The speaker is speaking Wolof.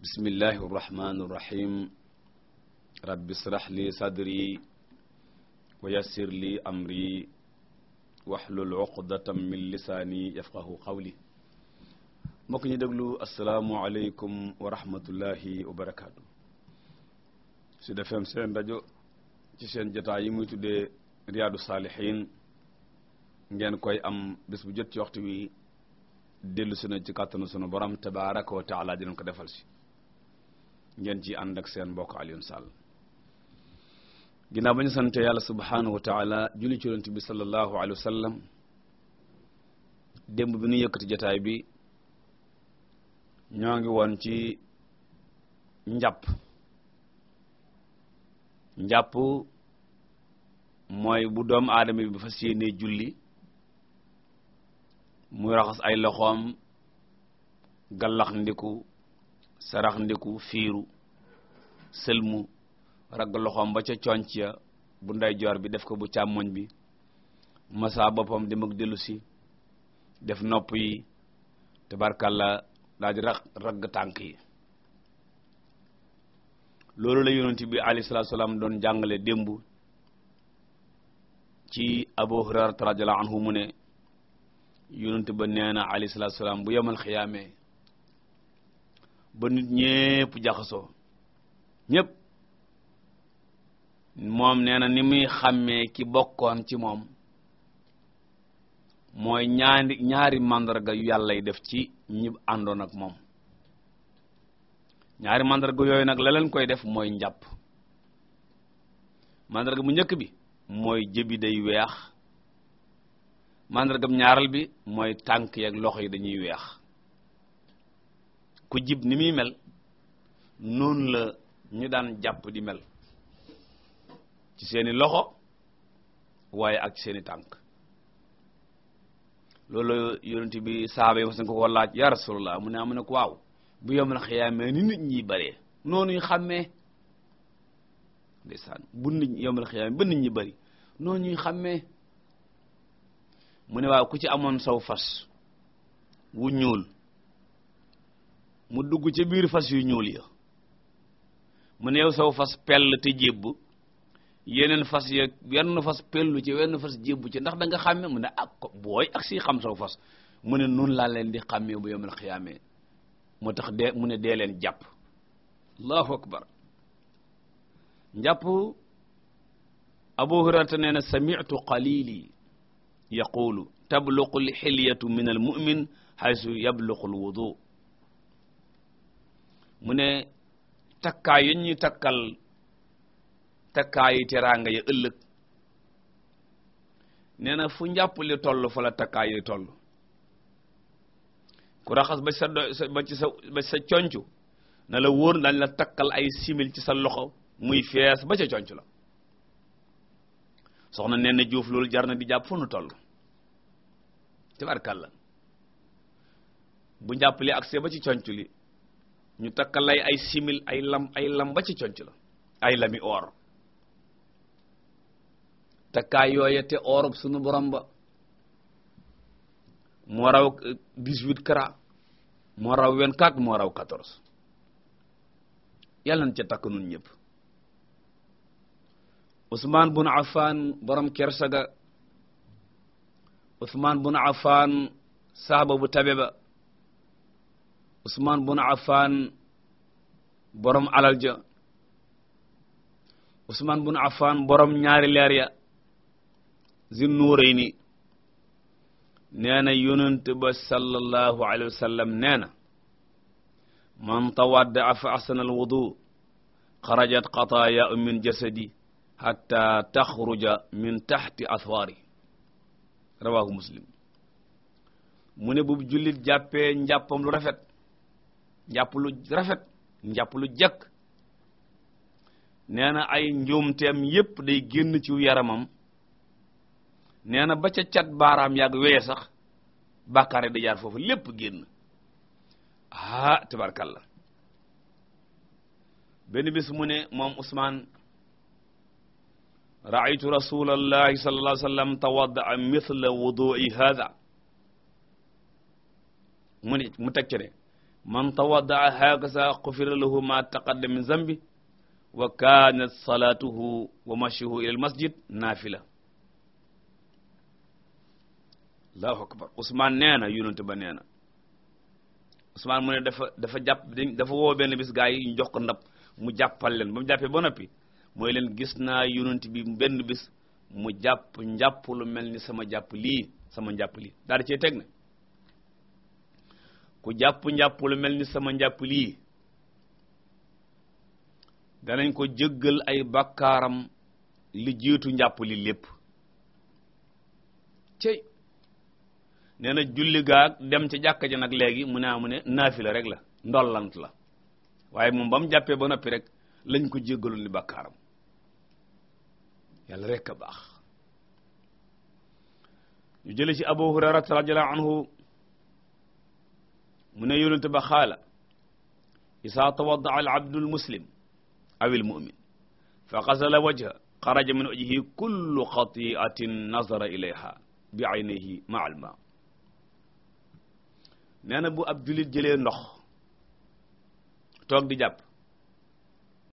bismillahi arrahmani irrahim rabbi israh li sadri wa yassir li amri wahlul uqdatam min lisaani yafqahu qawli mbokk ñu déglu asalaamualeykum wa rahmatullahi wa barakaatu su defeem seen rajo ci seen jotaay yi muy tuddee riyaadu saalihiin ngeen koy am bés bu jot ci waxtu wi dellu sunu ci kàttanu sunu borom tabaraka wa taala dinañ ko defal si ngeen ci ànd ak seen mbokk Alioune Sall ginnaaw ba ñu yàlla subhaanahu wa taala julli ci yonent bi sallallahu alayhi wa sallam démb bi ñu yëkkati jotaay bi ñoo ngi woon ci njàpp njàpp mooy bu doomu aadama bi fas yéenee julli mu raxas ay loxoom gallax ndiku sarax fiiru sëlmu ragg loxoom ba ca conc ya bu ndeyjoor bi def ko bu càmmoñ bi masaa boppam dem ak dellu def nopp yi tabarkalla daal di rag ragg tànk yi loolu la yonent bi alayhi salaatu salaam doon jàngale démb ci Abu Hurairata radiyallahu anhu mu ne yonent ba nee na alayhi salaatu bu yemal xiyaamee ba nit ñépp jaxasoo ñépp moom nee na ni muy xàmmee ki bokkoon ci moom mooy ñaari ñaari màndarga yu yàlla yi def ci ñi àndoon ak moom ñaari màndarga yooyu nag la leen koy def mooy njàpp màndarga bu njëkk bi mooy jëbi day weex màndarga bu ñaaral bi mooy tànk yi ak loxo yi dañuy weex ku jib ni muy mel noonu la ñu daan jàpp di mel ci seeni loxo waaye ak ci seeni tànk loolu yonent bi saaba yi mas ko ko laaj ya rasulullah mu ne amu ne ko waaw bu yomal xiyaamee ni nit ñi bëree noonu ñu xàmmee bu nit yomal xiyaamee ba ñi bëri noonu ñuy xàmmee mu ne waaw ku ci amoon saw fas wu ñuul mu dugg ca biir fas yu ñuul ya mu neew saw fas pell te jébbu yeneen fas ye yenn fas pellu ci wenn fas jébbu ci ndax danga nga xàmme mu ne ak ah, ko booy ak si xam saw fas mu ne nun laa leen di xàmmee bu yawmal xiyaamee moo tax de mu ne dee leen jàpp allahu akbar njàpp abu hurairata nee na sami'tu qalili yaqulu tabluqu al hilyatu min al mu'min haythu yabluqu mu ne takkaay yi ñuy takkal takkaay teraanga ya ëllëg nee na fu njàpp li toll fa la takkaay yi toll ku raxas ba sa ci sa ba na la wóor dañ la takal ay simil ci sa loxo muy fees ba ca conc la soxna nee na juuf loolu jar na di jàpp fu nu toll tabarkalla bu njàpp li ak see ba ci conc li ñu takka lay ay simil ay lam ay lam ba ci conc la ay lami or takkaay yooye te orub sunu borom ba moo raw 18 eh, carats moo raw 24 moo raw 14 yàlla na ca takk nun ñëpp Ousmane bun Affan borom kersaga Ousmane bun Affan saaba bu tabe ba Usmaan bun Affaan borom alal ja Usmaan bun Affaan borom ñaari leer ya zin nuurayni nee na yonent ba sallallahu alayhi wa sallam nee na man tawadda fa ahsana al wudu xarajat xataaya min jasadi hatta taxruja min taxti athwaari rawahu muslim mu ne bu jullit jàppee njàppam lu rafet njàpp lu rafet njàpp lu jekk nee na ay njuumteem yépp day génn ci yaramam nee na ba ca cat baaraam yàgg wee sax bàkkaare da jaar foofu lépp génn ah tabarkalla benn bis mu ne moom Ousmane raaytu rasulallahi sallallahu alayhi wa sallam tawadda mithla wudu'i hadha mu ne mu man tawaddaa hakaza xufira lahu ma taqaddama min zambi wa kanat salatuhu wa mashihu ila al masjid naafila allahu akbar Ousmane nee na yonent ba nee na Ousmane mu ne dafa dafa jàpp dafa woo benn bis gaa yi ñu jox ko ndab mu jàppal leen ba mu jàppee ba noppi mooy leen gis naa yonent bi benn bis mu jàpp njàpp lu mel ni sama jàpp lii sama njàpp lii daal di cee teg na ku jàpp njàpp lu mel ni sama njàpp lii danañ ko jëggal ay bakkaaram li jiitu njàpp li lépp cey nee julli gaag dem ca jàkka ji nag léegi mu ne ah, mu ne naafila rek la ndollant la waaye moom ba mu jàppee ba noppi rek lañ ko jéggalul li bakkaaram yàlla rek a baax ñu jële ci abu hurairata radiyallahu anhu mu ne yonente ba xaala isaa tawaddaa al abdul muslim aw il mu'min fa xasala wajha xaraja min wajhihi kullu xati'atin nazara ilayha bi aynihi ma al ma nee na bu ab julit jëlee ndox toog di jàpp